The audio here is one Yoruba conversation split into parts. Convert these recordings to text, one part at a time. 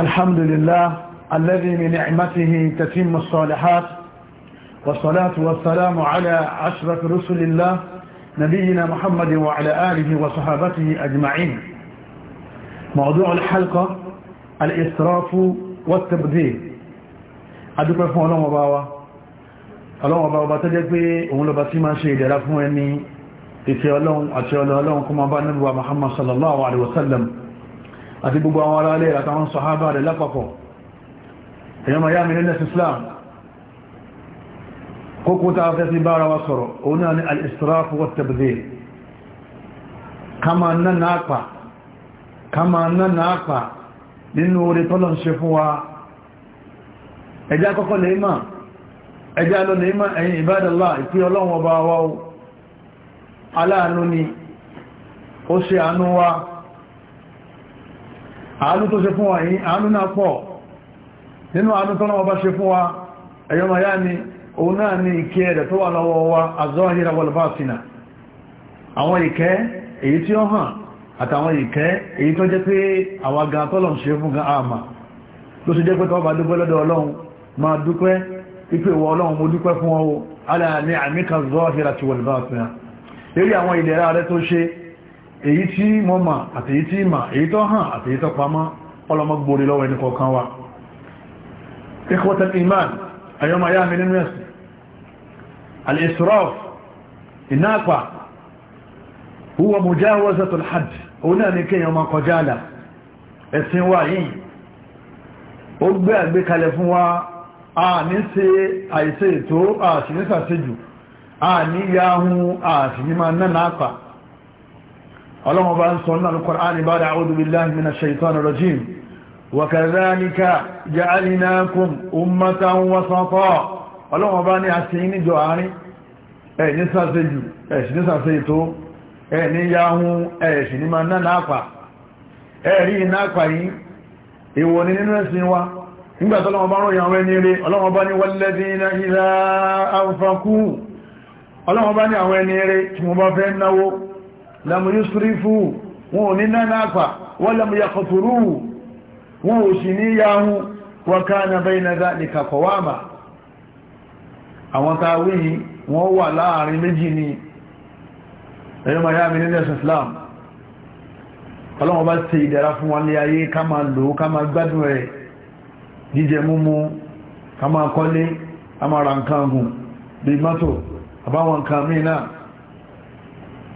الحمد لله الذي من نعمته تتم الصالحات والصلاة والسلام على أشرف رسل الله نبينا محمد وعلى آله وصحابته أجمعين موضوع الحلقة الإسراف والتبذير adúpẹ́ fún ọlọ́wọ́ bá wá ọlọ́wọ́ bá ọba tó jẹ́ pé òun lọba tí máa ṣe ìdẹ̀ra fún ẹni ìfẹ́ ọlọ́run àti ọlọ́run kó máa bá nílùú Muhammad sallallahu alaihi wasallam àti gbogbo àwọn ará alẹ́ àtàwọn sọ̀hábà rẹ̀ lápapọ̀ èyàn ma yá mi nílẹ̀ islam kókó ta fẹ́ sí bára wa sọ̀rọ̀ òun náà ni al-israf wa tabdhir kama nan napa kama nan napa nínú orí tọ́lọ̀ ṣe fún wa ẹjá kọ́kọ́ lè ẹjá lọ lè ẹ̀yìn ìbádàlá ìpí ọlọ́run ọba wa aláàánú ni ó ṣe àánú wa àánú tó ṣe fún wa yìí àánú náà pọ̀ nínú àánú tọ́nà ọba ṣe fún wa ẹ̀yọ́ ma yá ni òun náà ni ìkẹ́ ẹ̀rẹ̀ tó wà lọ́wọ́ wa azọ́hìra wọlbásínà àwọn ìkẹ́ èyí tí ó hàn àtàwọn ìkẹ́ èyí tó jẹ́ pé àwa gan tọ́lọ̀n ṣe fún gan àmà ló ṣe jẹ́ pé tọ́ba dúpẹ́ lọ́dọ̀ ọlọ́run máa dúpẹ́ ipò ìwọ ọlọ́run mo ṣe èyí tí mo mà àti èyí tí mà èyí tó hàn àti èyí tó pamọ́ ọlọ́mọ gbòrè lọ́wọ́ ẹni kọ̀ọ̀kan wa ikhwatal iman ayọ́mọ ayá mi nínú ẹ̀sìn al-israf ìnápa huwa mujawazatul hajj òun náà ní kéèyàn máa ọlọ́run bá ń sọ náà Al-Qur'an ba'da a'udhu billahi minash shaitanir rajim وكذلك جعلناكم أمة وسطا ọlọ́wọ́ bá ní àṣíyí níjọ àárín ẹ̀ ní sàṣẹ́jù ẹ̀ṣì ní sàṣẹ́ ètò ẹ̀ ní yahun ẹ̀ṣì ní ma náà náàpà ẹ̀rí náàpà yìí ìwò ní nínú ẹ̀sìn wa nígbàtí ọlọ́wọ́ bá ròyìn àwọn ẹni rẹ̀ ọlọ́wọ́ bá ní walladhina idha anfaqu ọlọ́wọ́ bá ní àwọn ẹni rẹ̀ tí mo bá fẹ́ náwó lamu yusrifu wọn ò ní nánápa wọ́n lamu yakọ̀fúrú wọn ò sì ní yahun wọ́n ká na bẹ́yìn náà ní kàkọ̀wàmà àwọn tàwíyí wọ́n wà láàrin méjì ní ẹ̀yọ́ miami nílẹ̀ islam ọlọ́wọ́n bá ṣe ìdára fún wọn lé ayé ká máa lò ká máa gbádùn ẹ̀ jíjẹ múmú ká máa kọ́lé ká máa ra nǹkan gùn bí mọ́tò àbáwọn nǹkan mí náà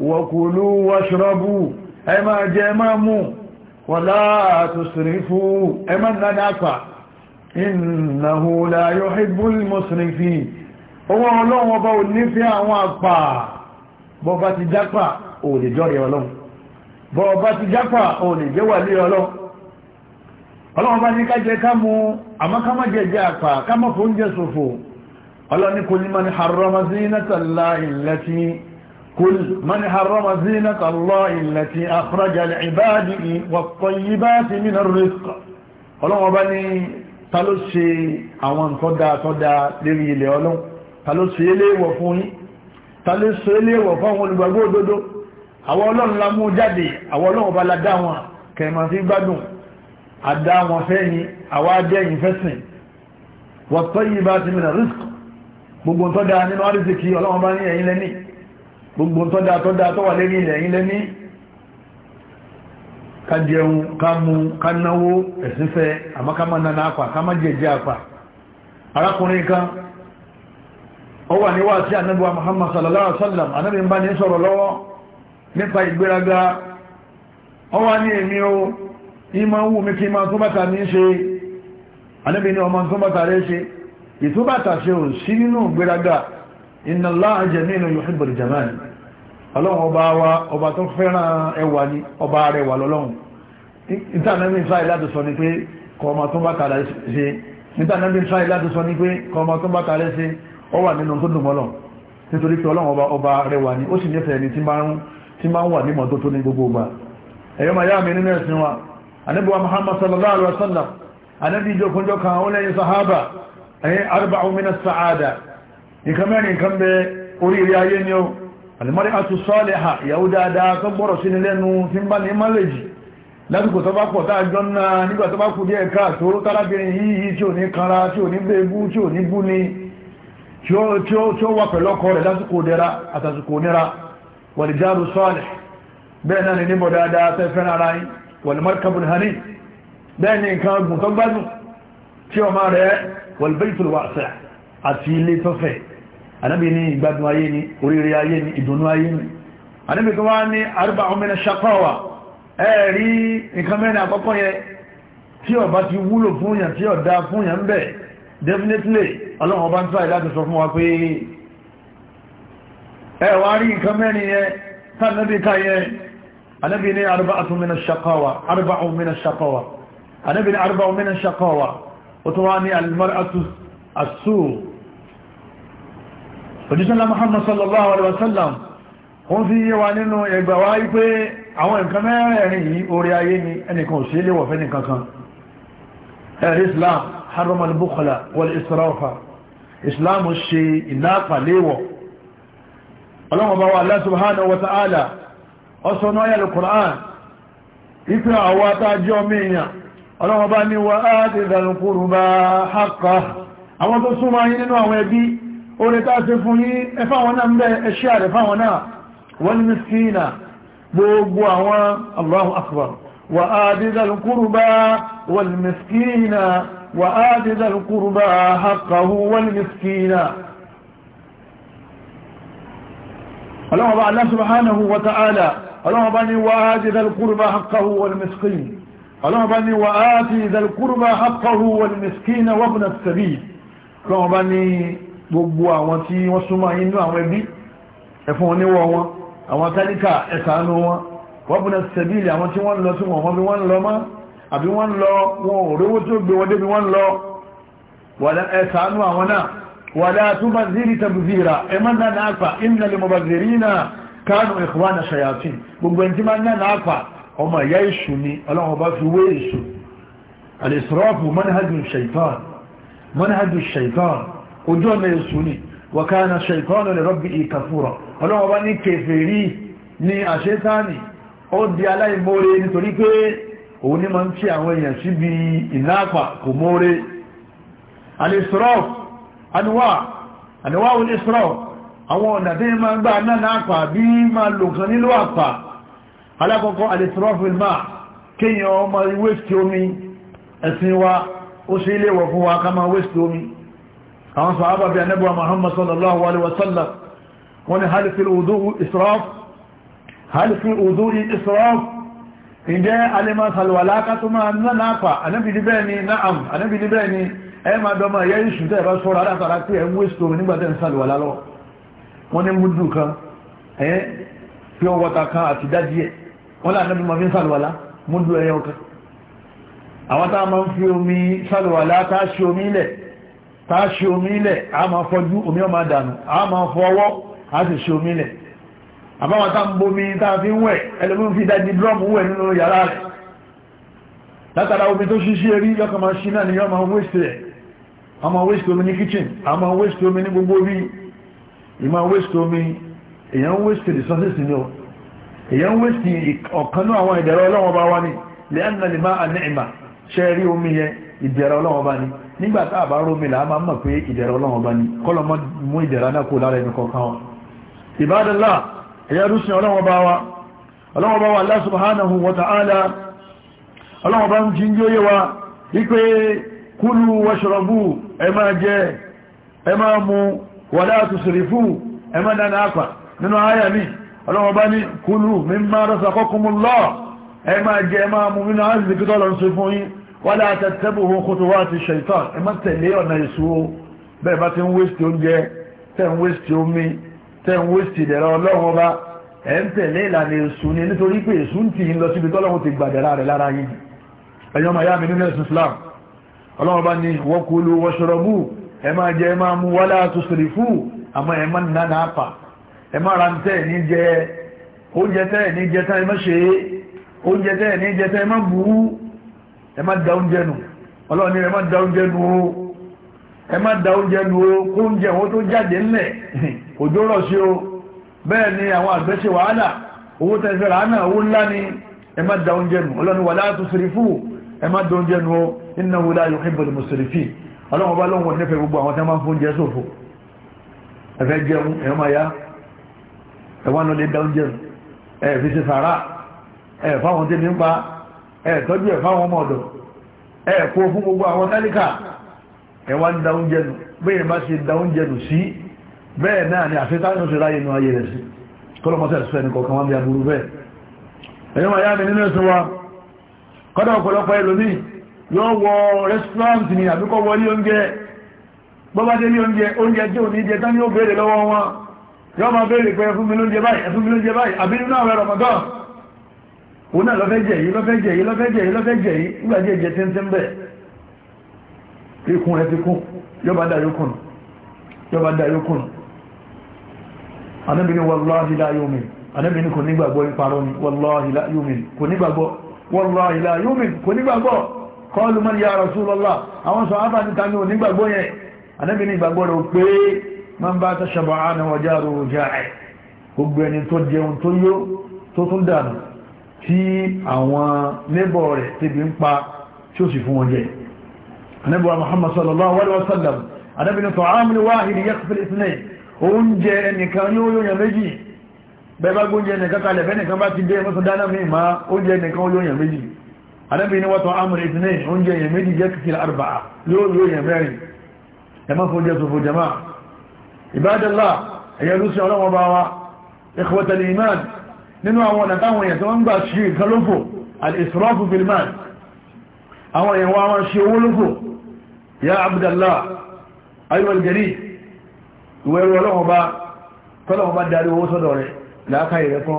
wọ̀kùlú wọ́ṣọ́rọ́bù ẹ máa jẹ máa mú wọ́lá àtùsìrífú ẹ máa nádàpà innahu la yuhibbul musrifin owó ọlọ́run ọba ò nífẹ́ àwọn àpà bọba ti jápà ò lè jọ́rẹ̀ ọlọ́run bọba ti jápà ò lè jẹ́wà lé ọlọ́run ọlọ́run bá ní kájẹ ká àpà قل من حرم زينة الله التي أخرج لعباده والطيبات من الرزق ọlọ́wọ́ bá ní ta ló ṣe àwọn nǹkan dáadọ́dá lérí ilẹ̀ ọlọ́run ta ló ṣe eléwọ̀ fún yín ta ló ṣe eléwọ̀ fún àwọn olùgbàgbọ́ òdodo àwọn ọlọ́run la mú jáde àwọn ọlọ́run bá la dá wọn kẹ̀mà sí gbádùn àdá wọn fẹ́yìn àwọn adẹ́yìn fẹ́sìn wọ́n tọ́yìn bá ti mìíràn rísk gbogbo tọ́da nínú àrísìkí ọlọ́run bá ní ẹ̀yìn lẹ́nìí gbogbo tọ́dá tọ́dá tọ́wà lérí ilẹ̀ ilẹ̀ ní ká jẹun ká mu ká náwó ẹ̀sífẹ́ àmọ́kámá nana àpà ká má jẹjẹ àpà arákùnrin kan ó wà níwá sí anábíwá Muhammad sallallahu alaihi anábí ń bá ní sọ̀rọ̀ lọ́wọ́ nípa o ìmọ̀ wù mí kí máa tó bàtà ní ṣe inna Allaha jamilun yuhibbul jamal ọlọ́run ọba wa ọba tó fẹ́ràn ẹwà ní ọba rẹ̀ wà lọ́lọ́run ìtànàmí ìsáì láti sọ ní pé kọmọ tó bá kààrẹ ṣe ìtànàmí ìsáì láti sọ ní pé kọmọ tó bá kààrẹ ṣe ọ wà nínú tó dùnmọ́lọ̀ nítorí pé ọlọ́run ọba ọba rẹ̀ wà ní ó sì nífẹ̀ẹ́ ni tí máa ń wà ní mọ́tò tó ní gbogbo ọgbà nǹkan mẹ́rin nǹkan bẹ oríire ayé ni ó alimari atu sọ́ọ̀lẹ̀ha ìyàwó dáadáa tó gbọ́rọ̀ sí ni lẹ́nu tí ń bá ní mọ́lẹ̀jì lásìkò tó bá pọ̀ tá àjọ náà nígbà tó bá kù díẹ̀ ká tó tárábìnrin yìí tí ò ní kanra tí ò ní bẹ́ẹ̀bú tí ò ní bú ni tí ó wà pẹ̀lú ọkọ rẹ̀ lásìkò dẹra àtàsìkò nira wàlìjáàrù sọ́ọ̀lẹ̀ bẹ́ẹ̀ anábì ní ìgbádùn ayé ni oríire ayé ni ìdùnnú ayé ni anábì tó wá ní arúgbà ọmọ ẹ̀nà ṣakọ́wà ẹ̀rí nǹkan mẹ́rin àkọ́kọ́ yẹ tí ọba ti wúlò fúnyàn tí ọ̀dá fúnyàn bẹ̀ definitely ọlọ́run ọba ń tọ́ ìdájọ́ sọ fún wa pé ẹ̀wà rí nǹkan mẹ́rin yẹ tánàbì ká yẹ anábì ní arúgbà ọmọ ẹ̀nà ṣakọ́wà arúgbà ọmọ ẹ̀nà ṣakọ́wà anábì ní arúgbà ó tó wá ní almaratu asuu òjísọ́lá Muhammad sallallahu alaihi wasallam ó fi yé wa nínú ẹgbà wá wípé àwọn nǹkan mẹ́rẹ̀ẹ̀rin yìí orí ayé ni ẹnìkan ò sí ilé wọ̀fẹ́ nìkan kan ẹ̀rí Islam harromal bukhala wal israfa Islam ṣe ìnápa léwọ̀ ọlọ́wọ́ bá wà Allah subhanahu wa ta'ala ọsọ náà yà lùkùrán ipe àwọn atájọ́ mìíyàn ọlọ́wọ́ bá ní wa áti ìdàlùkùrù bá haqqa àwọn tó súnmọ́ yìí nínú àwọn ẹbí orí tá ti fún yí ẹfáwọn náà ń bẹ ẹṣẹ́ rẹ̀ fáwọn náà wal miskina gbogbo àwọn Allahu akbar wa adizal kurba wal miskina wa adizal kurba haqqahu wal miskina ọlọ́wọ́ bá Allah subhanahu wa ta'ala ọlọ́wọ́ bá ní wa adizal kurba haqqahu wal miskina ọlọ́wọ́ bá ní wa adizal kurba haqqahu wal miskina wa ibn as-sabil ọlọ́wọ́ bá ní gbogbo àwọn tí wọ́n súnmọ́ inú àwọn ẹbí ẹ̀fún oníwọ̀ wọn àwọn tálíkà ẹ̀sàánú wọn wọ́n bú náà sẹ̀bílì àwọn tí wọ́n lọ sí wọn bí wọ́n lọ mọ́ àbí wọ́n lọ wọn ò rówó tí ó gbé wọn débi wọ́n lọ ẹ̀sàánú àwọn náà wà látú bá zírí tàbùzíra ẹ má náà náà pa iná lè ojú ọ̀nà èṣù ni wàkánà ṣaitọ́nù lè rọ́bì ìkàfúrọ̀ ọlọ́wọ́ bá ní kèfèrí ní àṣẹ́tánì ó di aláìmóre nítorí pé òun ní ma ń fi àwọn èèyàn síbi ìnápa kò móre àníwáwò ó sí ilé wọ̀ fún wa ká ma wéṣì omi àwọn sàábà bí anẹ́bùwa Muhammad sallallahu alaihi wasallam wọ́n ni halifi wudu israf halifi wudu israf ìjẹ́ alima salwala katuma nánápa anẹ́bì níbẹ̀ ni na'am anẹ́bì níbẹ̀ ni ẹ ma dọ́mọ yẹ́ iṣu tẹ́ ẹ̀bá sọ́rọ̀ alátara tí ẹ ń wé sọ́rọ̀ nígbàtẹ́ ń salwala lọ wọ́n ni múdù kan ẹ́ fi ọwọ́ta kan àti dájí ẹ̀ wọ́n ni anẹ́bì omi salwala ká ṣe omi ilẹ̀ ta ṣe omi ilẹ̀ a ma fọjú omi ọmọ dànù a ma fọwọ́ a sì ṣe omi ilẹ̀ àbáwọn tá ń bomi tá fi ń wẹ̀ ẹlẹ́gbẹ́ fi dájí drọ́mù wẹ̀ nínú yàrá rẹ̀ látara omi tó ṣíṣí erí yọ́kọ̀ ma ṣí náà ni yọ́ ma wéṣẹ̀ rẹ̀ a ma wéṣẹ̀ omi ní kitchen a ma wéṣẹ̀ omi ní gbogbo rí ìmá wéṣẹ̀ omi èyàn wéṣẹ̀ resources ni ọ èyàn wéṣẹ̀ ọ̀kanú náà lè má àná nígbàtá àbá rómìnà a máa mọ̀ pé ìdẹ̀rọ ọlọ́run ọba ni kọ́lọ̀mọ́ mú ìdẹ̀rọ náà kó lára ẹni kọ̀ọ̀kan wa ìbádọ́lá ẹ̀yà rúṣin ọlọ́run ọba wa ọlọ́run wa Allah subhanahu wa ta'ala ọlọ́run ọba ń jí ń wa wípé kúlù washrabu ẹ máa jẹ ẹ mu wala tusrifu ẹ máa dáná àpà nínú àyà mi ọlọ́run ọba ní kúlù mimma máa wọ́lá àtẹ́tẹ́bùhù khutuwati shaitan ẹ má tẹ̀lé ọ̀nà ìṣòro bẹ́ẹ̀ bá ti ń wéṣì oúnjẹ tẹ́ ń wéṣì omi tẹ́ ń wéṣì ìdẹ̀rẹ̀ ọlọ́run ọba ẹ̀ ń tẹ̀lé ìlànà èṣù ni nítorí pé èṣù ń tì í lọ síbi tọ́lọ́run ti gbàdẹ̀rà rẹ̀ lára yìí ẹ̀yọ́ máa yá mi nínú ẹ̀sìn Islam ọlọ́run ọba ni wakulu washrabu ẹ máa jẹ ẹ máa mu wala tusrifu àmọ́ ẹ má nà náà pa ẹ má ra tẹ́ ẹ̀ ní jẹ oúnjẹ tẹ́ ẹ̀ ní jẹ tẹ́ ẹ má ṣe oúnjẹ tẹ́ ẹ̀ ní jẹ tẹ́ ẹ má bùú ẹ má da oúnjẹ nù ọlọ́run ẹ má da oúnjẹ nù o ẹ má da oúnjẹ nù o kó oúnjẹ wọn tó jáde ńlẹ̀ òjò rọ̀ sí o bẹ́ẹ̀ ni àwọn àgbẹ̀ ṣe wàhálà owó tẹ̀sẹ̀ rà náà owó ńlá ni ẹ má da oúnjẹ nù ọlọ́run wala tusrifu ẹ má da oúnjẹ nù o innahu la yuhibbul musrifin ọlọ́run bá lóhun nífẹ̀ẹ́ gbogbo àwọn tí wọ́n máa ń fún oúnjẹ ṣòfò ẹ̀fẹ́ jẹun ẹ̀wọ́n máa yá ẹ̀wọ́n lọ lè da oúnjẹ nù ẹ̀ fi ṣe sàrà ẹ̀ fáwọn tẹ́mi pa ẹ̀ tọ́jú ẹ̀ fáwọn ọmọ ọ̀dọ̀ ẹ̀ kó fún gbogbo àwọn tálíkà ẹ̀ ń da oúnjẹ nù bẹ́ẹ̀ bá ṣe da oúnjẹ nù sí bẹ́ẹ̀ náà ni àfẹ́tánù ṣe ráyè nù ayé rẹ̀ sí kọ́lọ́mọ́sẹ̀ sọ ẹnì kọ̀ọ̀kan wọn bí aburú bẹ́ẹ̀ ẹ̀yọ́ máa yá mi nínú ẹ̀sùn wa kọ́dà ọ̀pọ̀lọpọ̀ ẹlòmí yóò wọ restaurant ni àbíkọ́ wọ ní oúnjẹ bọ́bádé ní oúnjẹ oúnjẹ tí ò ní jẹ tán ní ó béèrè lọ́wọ́ wọn yóò máa béèrè pé ẹ fún òun náà lọ́fẹ́ jẹ̀ yìí lọ́fẹ́ jẹ̀ yìí lọ́fẹ́ jẹ̀ yìí lọ́fẹ́ jẹ̀ yìí nígbà jẹ́ jẹ́ tẹ́ntẹ́ ń bẹ̀ ikun ẹ ti kún yọba dá yókùn yọba dá yókùn anábìnrin wallahi la yu'min anábìnrin kò nígbàgbọ́ ìparọ́ ni wallahi la yu'min kò nígbàgbọ́ wallahi la yu'min kò nígbàgbọ́ qalu man ya Rasulullah àwọn sọ ábà níta ní onígbàgbọ́ yẹn anábìnrin ìgbàgbọ́ rẹ̀ pé man bata shab'ana wa jaruhu ja'i gbogbo ẹni tó jẹun tó yó tó tún dànù tí àwọn nébọ̀ rẹ̀ tẹ́bi ń pa tí ó sì fún wọn jẹ anábíwá muhammad sallallahu alaihi wasallam anábìnrin tó àmì wáhìrì yaqfil ithnayn oúnjẹ ẹnìkan ní oyóyàn méjì bẹ́ẹ̀ bá gbóúnjẹ ẹnìkan kalẹ̀ bẹ́ẹ̀nìkan bá ti dé mọ́sán dáná mi ma oúnjẹ ẹnìkan oyóyàn méjì anábìnrin wọ́tọ̀ àmì ithnayn oúnjẹ ẹ̀yàn méjì yaqfil arba'a ẹ̀yà lúsìn ọlọ́wọ́ bá wa ikhwatal iman nínú àwọn ọ̀nà táwọn èèyàn tó wọ́n ń gbà ṣe ìkan lófò al-israfu fil mal àwọn èèyàn wọ́n wọ́n ṣe owó lófò ya abdallah ayyuwal jari ìwé ẹrù ọlọ́wọ́ba tọ́lọ́wọ́ba darí owó sọ́dọ̀ rẹ̀ láàká ìrẹ́kọ́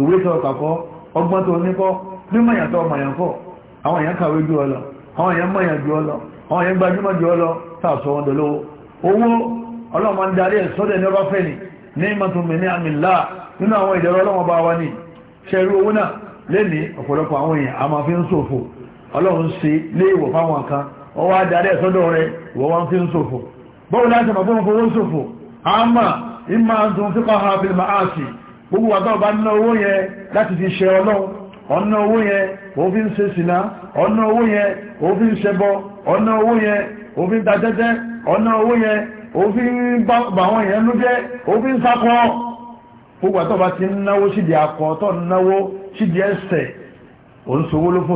ìwé sọ́ọ̀kàkọ́ ọgbọ́n tó níkọ́ mímọ̀ yàtọ̀ mọ̀yànkọ́ àwọn èèyàn kàwé jù ọ lọ àwọn èèyàn mọ̀yàn jù ọ lọ ní ìmọ̀túnmí ní àmìlá nínú àwọn ìdẹ̀rọ ọlọ́wọ́ bá wá ní ṣẹ̀rú owó náà lẹ́ni ọ̀pọ̀lọpọ̀ àwọn èèyàn a máa fi ń ṣòfò ọlọ́run ṣe léèwọ̀ fáwọn kan wọ́n wá darí ẹ̀sọ́dọ̀ rẹ wọ́n wá fi ń ṣòfò ha fi máa ṣì gbogbo wa tó ná owó yẹn láti fi ṣe ọlọ́run òfin bàwọn èèyàn ló jẹ́ òfin sakọ gbogbo àtọ́ bá ti náwó sídìí akọ ọtọ náwó sídìí ẹsẹ̀ òǹṣòwò ló fò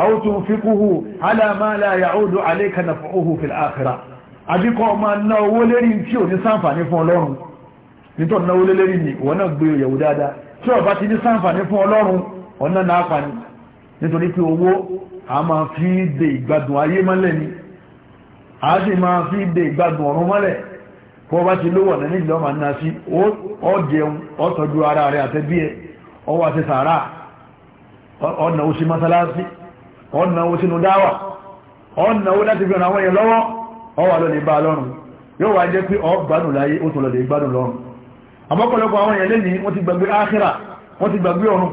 àwọn tó ń fi kúhù aláàmáàlá yàóòdó alékanàfọ́ òhù fìlà àfẹ́ra ọmọ lérí tí ò ní fún ọlọ́run náwó lérí ni wọ́n náà gbé yẹ̀wò dáadáa tí ọba ti ní fún ọlọ́run ọ̀nà náà pa ni nítorí pé owó a máa fi ìgbádùn ayé mọ́lẹ̀ a sì máa fi de ìgbádùn ọ̀run mọ́lẹ̀ fún ọba ti lówọ̀ náà nílùú ọmọ náà sí ọ jẹun ọ ara rẹ̀ àtẹ́bí ẹ ọwọ́ àti sàárà ọ̀nà òsì mọ́sálásí ọ̀nà òsìnú dáwà ọ̀nà ó láti fi lọ́wọ́ ọwà lọ bá lọ́rùn yóò wá jẹ́ pé ọgbàdùn láyé ó tọ̀lọ̀ lè lọ́rùn àmọ́pọ̀lọpọ̀ àwọn èèyàn lẹ́yìn wọ́n ti gbàgbé áhírà wọ́n ti gbàgbé ọ̀run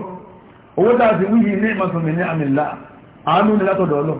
owó dáa sí wíyí ní ìmọ̀sùnmí ní àmìlá àánú ni látọ̀dọ̀ ọlọ́run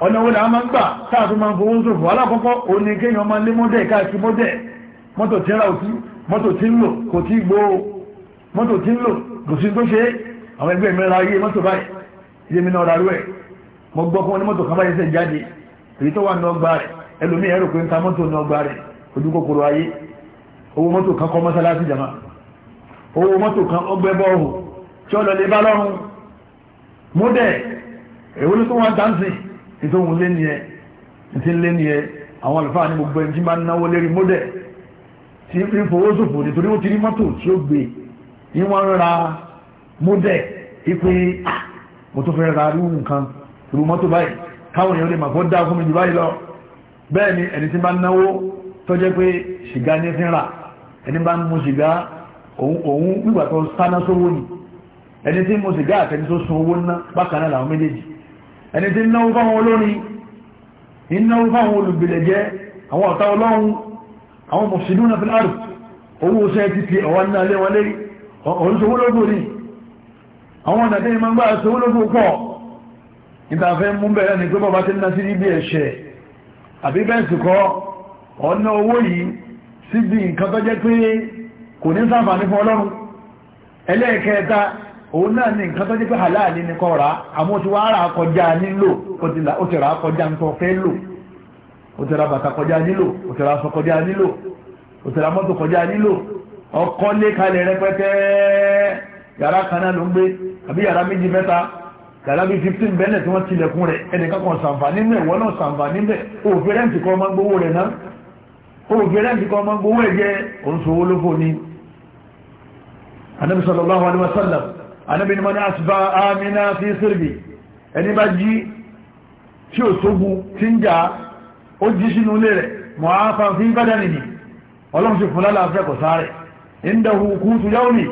ọ̀nà wo làá máa ń gbà táàtún máa ń fowó ṣòfò alákọ̀ọ́kọ́ òní kéèyàn máa lé mọ́dẹ̀ káàkiri mọ́dẹ̀ mọ́tò tí ń ra òtí mọ́tò tí ń lò kò tí gbó mọ́tò tí ń lò kò sí tó ṣe é àwọn ẹgbẹ́ mi ra ayé mọ́tò báyìí ilé mi náà ra rú ẹ̀ mo gbọ́ kí wọ́n ní mọ́tò kan báyìí ṣe jáde èyí tó wà ní ọgbà rẹ̀ ẹlòmíì ẹ̀rọ pé ń ta mọ́tò ní ọgbà rẹ̀ ojú kòkòrò ayé owó mọ́tò kan kọ́ mọ́sálásí jàmá owó mọ́tò kan ọgbẹ́ bọ́ọ̀hùn tí ó bá lọ́rùn mọ́dẹ̀ èwo ló tó wọn dáńsìn ìtòhun lé ní ẹ ìtí lé ní ẹ àwọn àlùfáà ní gbogbo ẹni tí máa ń náwó lérí módẹ̀ tí ń fowósòfò nítorí wọ́n ti rí mọ́tò tí ó gbé ní wọ́n ń ra módẹ̀ ipe mo tó fẹ́ ra rú nǹkan rú mọ́tò báyìí káwọn èèyàn lè mà fọ́ dá fún mi jù báyìí lọ bẹ́ẹ̀ ni ẹni tí máa ń náwó tó jẹ́ pé ṣìgá ní fi ń rà ẹni bá ń mu ṣìgá òun wíwà tó sáná sówó ni ẹni tí mu ṣìgá àtẹni tó sun owó ná bákan náà làwọn méjèèjì ẹni tí náwó fáwọn olórin ináwó fáwọn olùgbìlẹ̀jẹ́ àwọn ọ̀tá ọlọ́run àwọn mọ̀sílú na fìlárù owó oṣẹ́ ti fi ọwọ́ náà lé wọlé oríṣòwólógó ní àwọn ọ̀nà tí ma ń gbá ṣòwólógó òun náà ní nǹkan tó jẹ́ pé halal ní kọ́ ra àmọ́ ti wá ra kọjá nílò ó ti ra kọjá nǹkan fẹ́ lò ó ti ra bàtà kọjá nílò ó ti ra aṣọ kọjá nílò ó ti ra mọ́tò kọjá nílò ọkọ lé kalẹ̀ rẹpẹtẹ yàrá kan náà ló ń gbé àbí yàrá méjì mẹ́ta yàrá bíi fifteen bẹ́lẹ̀ tí wọ́n tilẹ̀kùn rẹ̀ ẹnìkan kan sàǹfààní mẹ́ ìwọ náà sàǹfààní mẹ́ òfin rẹ́ǹtì kan máa ń gbowó rẹ̀ náà òfin rẹ́ǹtì kan máa ń gbowó ẹ̀ anábìnrin mọ́ ní asbá amina fi sirbi ẹni bá jí tí ó sógun tí ń jà ó jí sínú ilé rẹ̀ mọ̀ áfà fi bádà nìní ọlọ́run sì fún lálàáfẹ́ kò sáré indahu qutu yawmi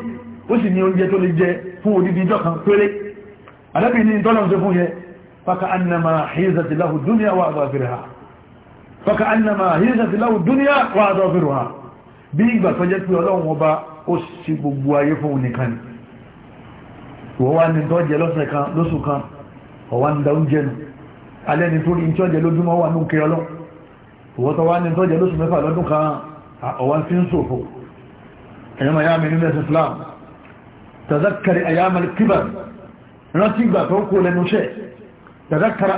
ó sì ní oúnjẹ tó lè jẹ fún odidi ìjọ kan péré anábìnrin tọ́lọ́run sí fún yẹ faka annama hizati lahu dunya wa bí ìgbà tó pé ọlọ́run ọba ó sì gbogbo ayé fún nìkan ni wọ́n wá ní tọ́jẹ lọ́sẹ̀ kan lóṣù kan ọ̀wá ń da oúnjẹ nù alẹ́ ni tó rí ní tọ́jẹ lójúmọ́ wà ní òkè ọlọ́ wọ́n tọ́wá ní tọ́jẹ lóṣù mẹ́fà lọ́dún kan ọ̀wá sí ń ṣòfò ẹ̀yọ́ maya mi nílẹ̀ Islam tazakari ayamal kibar rántí gbà tó kó lẹ́nu iṣẹ́ tazakari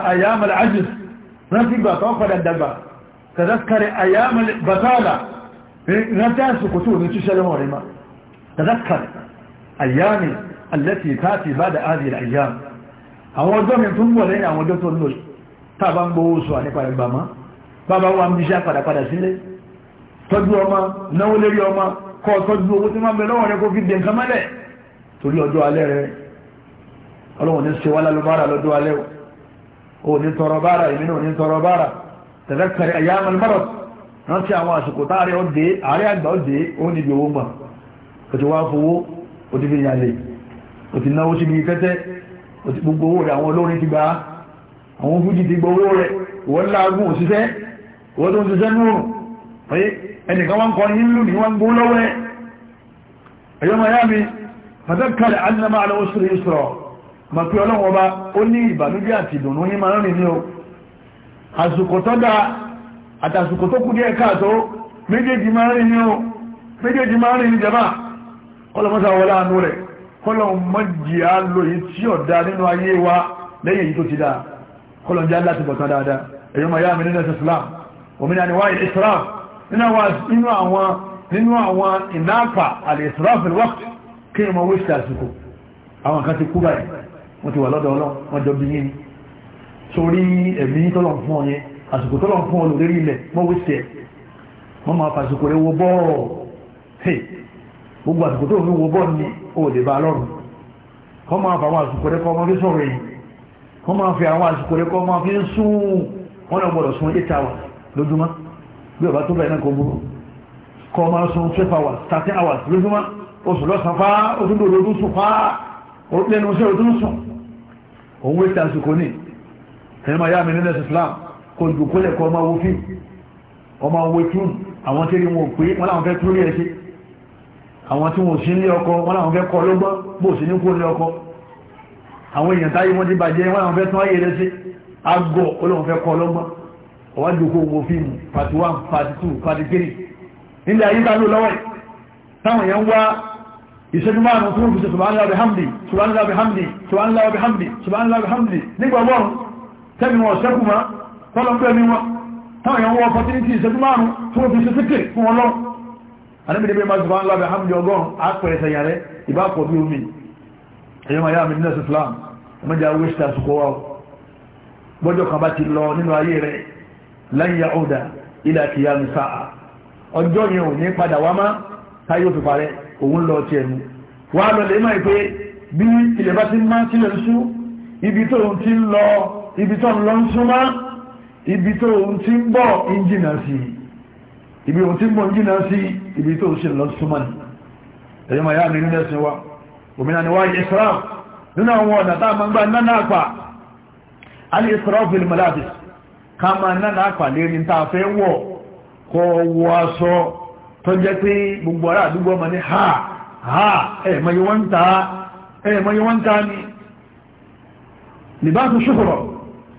التي تأتي بعد هذه الأيام àwọn ọjọ́ mi tún wọ̀ lẹ́yìn àwọn ọjọ́ tó lò tàbá ń gbówó sọ nípa ẹgbà mọ́ bàbá wa ń bí iṣẹ́ padàpadà sílé tọ́jú ọmọ náwó lérí ọmọ kọ́ tọ́jú owó tí máa ń bẹ lọ́wọ́ rẹ kó fi dé nǹkan mọ́lẹ̀ torí ọjọ́ alẹ́ rẹ ọlọ́wọ́n ní ṣe wá lálùbárà lọ́jọ́ alẹ́ o ní tọrọ bára èmi náà ní tọrọ bára tẹ̀lẹ́kẹ̀rẹ́ ẹ̀yà amẹ́lẹ́mọ́rọ̀ rántí àwọn àsìkò táàrẹ ọdẹ àárẹ̀ àgbà ọdẹ ó níbi owó mọ̀ kò ti wá fowó ó ti fi yàn lè o ti náwó síbi kẹ́tẹ́ o ti gbogbo owó rẹ̀ àwọn olórin ti gbà á àwọn fújì ti gbogbo owó rẹ̀ wọ́n láàgùn òṣìṣẹ́ wọ́n tó ń ṣiṣẹ́ nùrùn pé ẹnìkan wọ́n kọ́ yín lù ní wọ́n gbó lọ́wọ́ ẹ̀ ẹ̀yọ́ mọ̀ yá mi fàtẹ́kàlẹ̀ annama alóòsùrì ìṣòro ma pé ọlọ́wọ́ bá ó ní kọ́lọ̀ mọ́jìá lóyìn tí ó dá nínú ayé wa lẹ́yìn èyí tó ti dá kọ́lọ̀ jẹ́ láti bọ̀tán dáadáa ẹ̀yọ́ ma yá mi nínú islam òmìnà ni wá ìsìsìláf nínú àwọn ìnápa al-israf fil waqt kí ni wọ́n wíṣẹ́ àsìkò àwọn kan ti kú báyìí wọ́n ti wà lọ́dọ̀ ọlọ́run wọ́n jọ bí yín sórí ẹ̀mí tọ́lọ̀ fún ọyẹn àsìkò ó lè bá lọ́rùn kọ́ máa fà àwọn àsìkò rẹ̀ kọ́ máa fi sọ̀rọ̀ yìí kọ́ máa fi àwọn àsìkò rẹ̀ kọ́ máa fi sún wọn náà gbọ́dọ̀ sun eight hours lójúmọ́ bí ọba tó bẹ̀rẹ̀ náà kò burú kọ́ máa sun twelve hours thirteen hours lójúmọ́ oṣù lọ́sàn fá oṣù lòdò tó sùn fá lẹ́nu iṣẹ́ òtún sùn òun wé tàṣìkò ní ẹni máa yá mi nílẹ̀ Islam kò jù kólẹ̀ kọ́ máa wo fíìmù ọmọ wo tún àwọn tẹ́lẹ̀ wọn pé wọ́n láwọn fẹ́ tún rí ẹ̀ sí àwọn tí wọ́n sí ní ọkọ wọ́n láwọn fẹ́ kọ́ lọ́gbọ́n bó sí ní kó ní ọkọ àwọn èèyàn táyé wọ́n ti bàjẹ́ wọ́n láwọn fẹ́ tún ayé rẹ sí agọ́ olóhùn fẹ́ kọ́ lọ́gbọ́n ọwájú kó wo fíìmù pàtí 1 pàtí 2 pàtí 3 nílẹ̀ ayé tàbí lọ́wọ́ táwọn èèyàn wá ìṣẹ́jú márùn tó ń fi ṣe subhanallah bihamdi subhanallah bihamdi subhanallah bihamdi subhanallah bihamdi nígbà wọ́n tẹ́mi wọn ṣẹ́kù ma tọ́lọ́ pẹ́mi wọn táwọn èèyàn wọ́ opportunity ìṣẹ́jú márùn tó ń fi ṣe síkè fún ọlọ́run anábìdé bí mazubá ńlá bẹ hamdi ọgọ́rùn ápẹrẹ sẹ̀yà rẹ ìbápọ̀ bí omi ẹ̀yọ́ ma yá mi nínú islam ọmọdé àwọn wíṣítà sùkọ wa gbọ́jọ́ kan bá ti lọ nínú ayé rẹ lẹ́yìn ọ̀dà ilẹ̀ àti ya mi sáà ọjọ́ yẹn ò ní padà wá má táyé òfin parẹ́ òun lọ tiẹ̀ mu wàá lọ lè máa pé bí ilẹ̀ bá ti má sílẹ̀ ń sú ibi tó ń ti ń ibi tó ń lọ ń súnmá ibi tó ń ti ń bọ̀ ń jìnà ibi ohun tí mọ̀ ń jìnà sí ibi tó ṣe lọ súnmọ́ ni ẹ̀yọ́ ma yá mi nílẹ̀ sí wa òmìnà ni wá israf nínú àwọn ọ̀nà tá ma ń gbá nánà àpà alì israf fil malabis ká ma nánà àpà lérí tá a fẹ́ wọ̀ kọ́ wọ aṣọ tó jẹ́ pé gbogbo ará àdúgbò ọmọ ní ha ha ẹ̀ mọ̀ yí wọ́n ń ta ni libasu ṣùkúrọ̀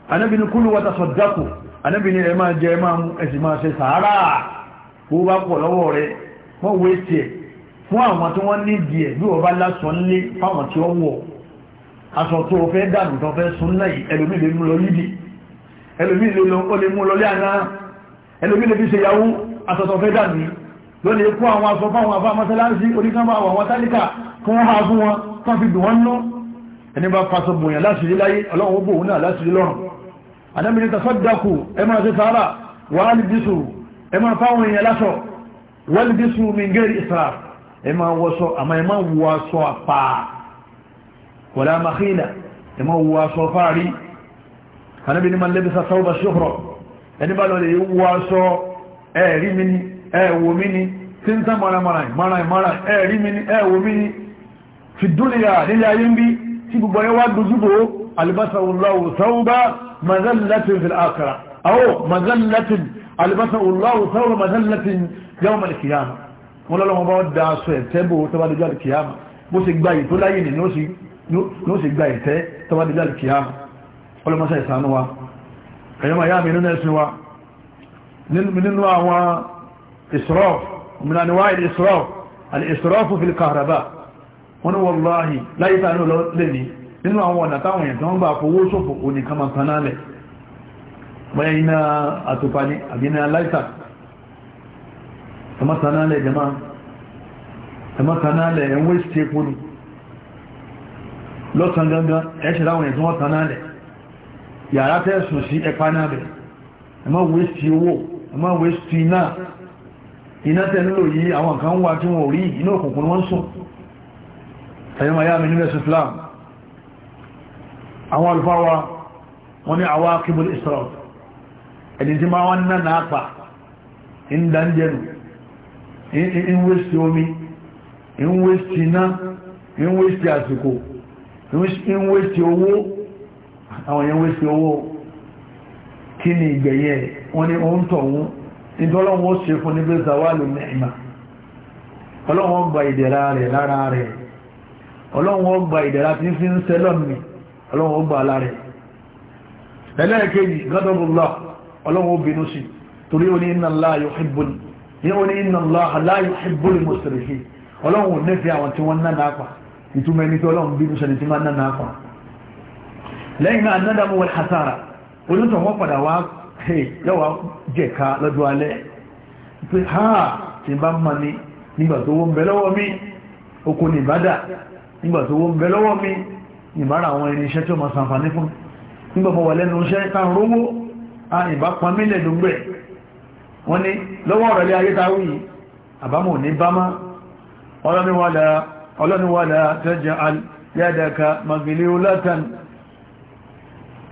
anábìnrin kúlù wata sọ̀dákù anábìnrin ẹ̀ máa jẹ máa mú máa ṣe sàárà owó bá pọ̀ lọ́wọ́ rẹ wọ́n wé tiẹ̀ fún àwọn tí wọ́n ní díẹ̀ bí wọ́n bá lásọ nílé fáwọn tí ó wọ̀ aṣọ tó o fẹ́ dànù tó fẹ́ sun náà yìí ẹlòmíì lè mú lọ yídì ẹlòmíì lè lọ ó lè mú lọ lé àná ẹlòmíì lè fi ṣe yahoo aṣọ tó fẹ́ dànù yìí lónìí kó àwọn aṣọ fáwọn afá mọ́sálásí oníkàmọ́ àwọn àwọn tálíkà kí wọ́n ha fún wọn kán fi dùn wọ́n nú ẹni bá fasọ bòyàn láṣìírí láyé ọlọ́run ó bò òun náà láṣìírí lọ́rùn àdámìnira sọ́dọ̀kù ẹ máa ṣe sáárà wàhálì bísù ẹ máa fáwọn èèyàn láṣọ walbisu min ghairi israf ẹ máa wọṣọ àmọ́ ẹ máa wọ aṣọ àpá wala makhila ẹ máa wọ aṣọ fáàrí anábì ní man labisa thawba shuhra ẹni bá lọ lè wọ aṣọ ẹ̀rí mi ni ẹ̀wò mi ni tí ń tán maramara maramara ẹ̀rí mi ni ẹ̀wò mi ni fi dúnìyà nílẹ̀ ayé ń bí tí gbogbo ẹwà dojúbò albasa wallahu thawba mazallatin fil akhirah aw alibasa olóòwò fẹ́rọ mazalatin yawon malikiyama wọn lọ́lọ́wọ́ bá da aṣọ ẹ̀tẹ́bò tọ́bádójú alikiyama bó ṣe gba ìtó láyé ní ó sì gba ìtẹ́ tọ́bádójú alikiyama ọlọ́mọsá ìsànú wa ẹ̀yọ́ ma yá mi nínú ẹ̀sìn wa nínú àwọn israf من أنواع الإسراف الإسراف في الكهرباء wọ́n wọ́n láàáyí láyé tàà ní olóòlè ní nínú àwọn ọ̀nà táwọn èèyàn tó ń gbà fowó ṣòfò òní kama kanálẹ̀ bóyá iná àtùpà ní àbínà láìsà ẹmọ́sánálẹ̀ jẹmá ẹmọ́sánálẹ̀ ẹ̀wọ́n ìsìtì epo ni lọ́sàn gangan ẹ̀ṣẹ̀ láwọn ẹ̀sùn ọ̀tánálẹ̀ yàrá tẹ́ẹ̀sùn sí ẹ̀pá náà bẹ̀ ẹmọ́ wẹ́sì owó ẹmọ́ wẹ́sì náà iná tẹ́lúlò yìí àwọn kan wà tí wọ́n rí iná òkùnkùn wọ́n sùn ẹ̀yọ́n ayá mi nílẹ̀ àwọn alfáwa israel ẹni tí máa wọ́n apa náà pa omi ń wéṣì iná ń wéṣì àsìkò àwọn èèyàn wéṣì owo kí ni ìgbẹ̀yẹ wọ́n ní oún tọ̀hún ìtọ́lọ́wọ́ ṣe fún ní bí ni'ma ọlọ́wọ́ gba ìdẹ̀ra rẹ̀ lára rẹ̀ ọlọ́wọ́ gba ìdẹ̀ra tí fi ń sẹ́lọ́mì ọlọ́wọ́ gba lára rẹ̀ ẹlẹ́ẹ̀kejì gọ́dọ̀bùlọ́ ọlọ́wọ́ bínú sí torí ó ní inna Allah yuhibbul ní ó ní inna Allah la yuhibbul musrifin ọlọ́wọ́ nífẹ̀ẹ́ àwọn tí wọ́n náà náà ìtumẹ̀ ní tí ọlọ́wọ́ bínú sẹ́ni tí wọ́n náà pa lẹ́yìn náà nádàmú wal hasara onítọ̀ wọ́n padà wá yọ́wà jẹ̀ka lọ́jọ́ alẹ́ pé ha ti bá mọ́ ni nígbà tó wọ́n bẹ mi ìbára àwọn irinṣẹ́ tí ó máa ṣàǹfààní fún nígbà lẹ́nu iṣẹ́ táwọn rówó a ìbá pọn mílẹ̀ lógbẹ̀ wọ́n ní lọ́wọ́ ọ̀rẹ́lẹ́ ayétawí àbámọ̀ ní bámá ọlọ́niwàlá tẹ́jẹ́ alyádaka magilúlátàn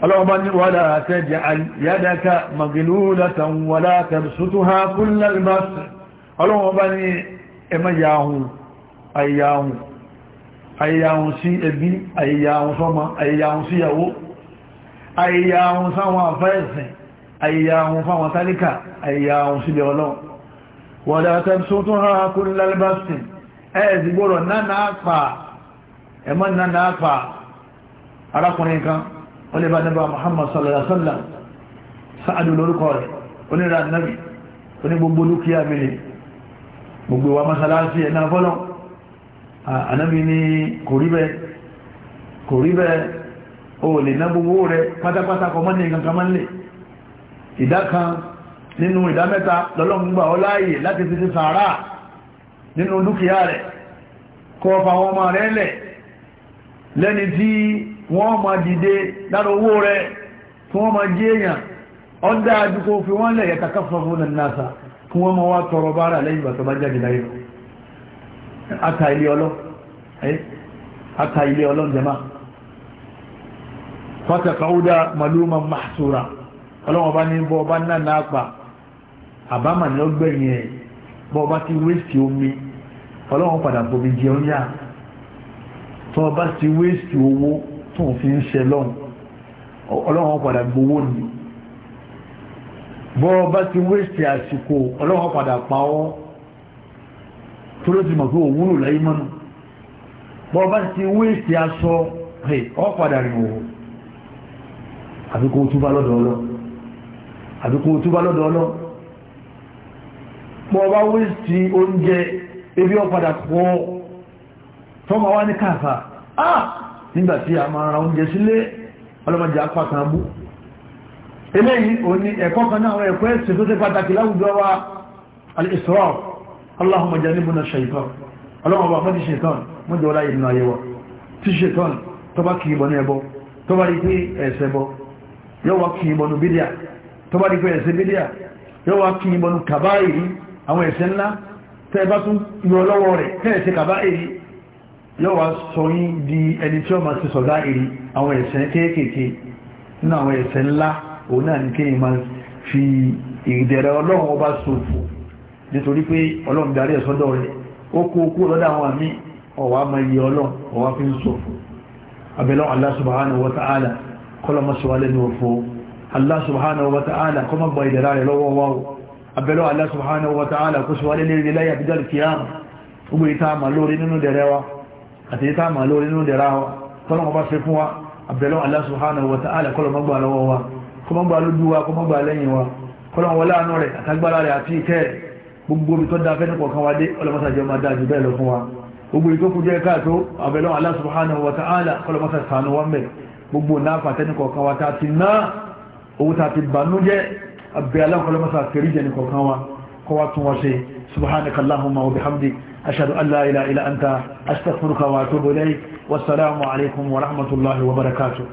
ọlọ́niwàlá tẹ́jẹ́ alyádaka magilúlátàn wàlá tẹ̀sútù ha kúlẹ̀lbásì ọlọ́wọ́bá ní ẹmọ yahun ayyahun ayyahun sí ẹbí ayyahun sọ́mọ ayyahun síyàwó ayyahun sáwọn afẹ́ ẹ̀sìn àyíyá ohun fáwọn tálíkà àyíyá ohun sílẹ̀ ọlọ́run wọ̀dá tẹ́bùsùn tó hàn kú lálẹ́bàṣìn ẹ̀ẹ́dì gbọ́rọ̀ náà pa arákùnrin kan olèbá níbà Muhammad sallallahu alaihi wasallam sáàdù lórúkọ rẹ̀ onírà náàbì oní gbogbo dúkìá mìíràn wa masalasi ẹ̀nà fọ́lọ́ anábì ni kò rí bẹ́ẹ̀ kò rí bẹ́ẹ̀ o lè ná gbogbo rẹ̀ pátápátá kọ ní nǹkan kan lè ìdá kan nínú ìdá mẹ́ta lọ́lọ́run gbà ọ láàyè láti fi ti sàárà nínú dúkìá rẹ̀ kọ́ fa rẹ̀ lẹ̀ lẹ́ni tí wọ́n ma dìde lára owó rẹ̀ tí wọ́n máa jí èèyàn ọdá àdúkò fi wọ́n lẹ̀ yẹ̀ta káfàfún nà náà kí a ilé ọlọ́wọ́n bá ní bọ́ ọba náà náà pa àbámà ní ọgbẹ̀yìn ẹ̀ bọ́ ọba ti wéṣì omi ọlọ́wọ́n padà fomi jẹun yá tó ọba ti wéṣì owó tó fi ń ṣe lọ́hùn ọlọ́wọ́n padà gbowó ni bọ́ ọba ti wéṣì àsìkò ọlọ́wọ́n padà pa ọ́ tó ló ti mọ̀ pé òwúlò láyé mọ́nu bọ́ ọba ti wéṣì aṣọ ọ̀ padà rìn òwò àbíkó tó bá lọ́dọ̀ ọlọ́run àbí otu túbá lọ́dọ̀ ọlọ́ pọ̀ bá wí sí oúnjẹ ebi ọ̀padà pọ̀ tọ́mọ wá ní káàkà áà ah! a máa ra oúnjẹ sílé ọlọ́mọdé apákan bú eléyìí o ní ẹ̀kọ́ kan náà ẹ̀kọ́ ẹ̀sìn tó tẹ́ pàtàkì láwùjọ wa al-isra Allahumma janibna shaitan ọlọ́mọba fọ́dí shaitan mọ́jọ ọlá ìrìnà ayẹwọ̀ tí tó bá di pé ẹ̀ṣẹ̀ bídíà yóò wá kí ìbọnú kàbáyìí àwọn ẹ̀ṣẹ̀ ńlá tẹ́ bá tún yọ lọ́wọ́ rẹ̀ tẹ́ẹ̀ṣẹ̀ kàbáyìí yóò wá sọ yín di ẹni tí ó máa ṣe sọ̀dá èyí àwọn ẹ̀ṣẹ̀ kéékèèké nínú àwọn ẹ̀ṣẹ̀ ńlá òun náà ní kéèyàn máa fi ìdẹ̀rẹ̀ ọlọ́run ọba ṣòfò nítorí Allah subhanahu wa ta'ala kọ́lọ́mọ́sọ̀wálẹ́nu òfò Allah subhanahu wa ta'ala kó mọ́ gbọ́ ìdẹ̀ra rẹ̀ lọ́wọ́ wa o abẹ́lọ́ Allah subhanahu wa ta'ala kó sọ wálé lérí láyé àbíjọ́ kìíyàmù gbogbo ìta mà lórí nínú dẹ̀rẹ́ wa àti ìta mà lórí nínú dẹ̀ra wa tọ́lọ́ ọba ṣe fún wa abẹ́lọ́ Allah subhanahu wa ta'ala kọ́lọ́ mọ́ gbà lọ́wọ́ wa kó mọ́ gbà lójú wa kó mọ́ gbà lẹ́yìn wa kọ́lọ́ wọn láàánú rẹ̀ àtagbára rẹ̀ àti ìkẹ́ rẹ̀ gbogbo omi tó dá fẹ́ nípa náà pàtẹ́nìkọ̀ọ̀kan wa ta ti náà owó tàbí bànújẹ́ abẹ́ aláwọ̀kọ́lọ́mọ́sá fèríjẹ ní kọ̀ọ̀kan wa kọwa tún wọ́n ṣe subhanaka allahumma wa bihamdik ashhadu an la ilaha illa anta astaghfiruka wa atubu ilayk wassalamu alaikum wa rahmatullahi wa barakatuh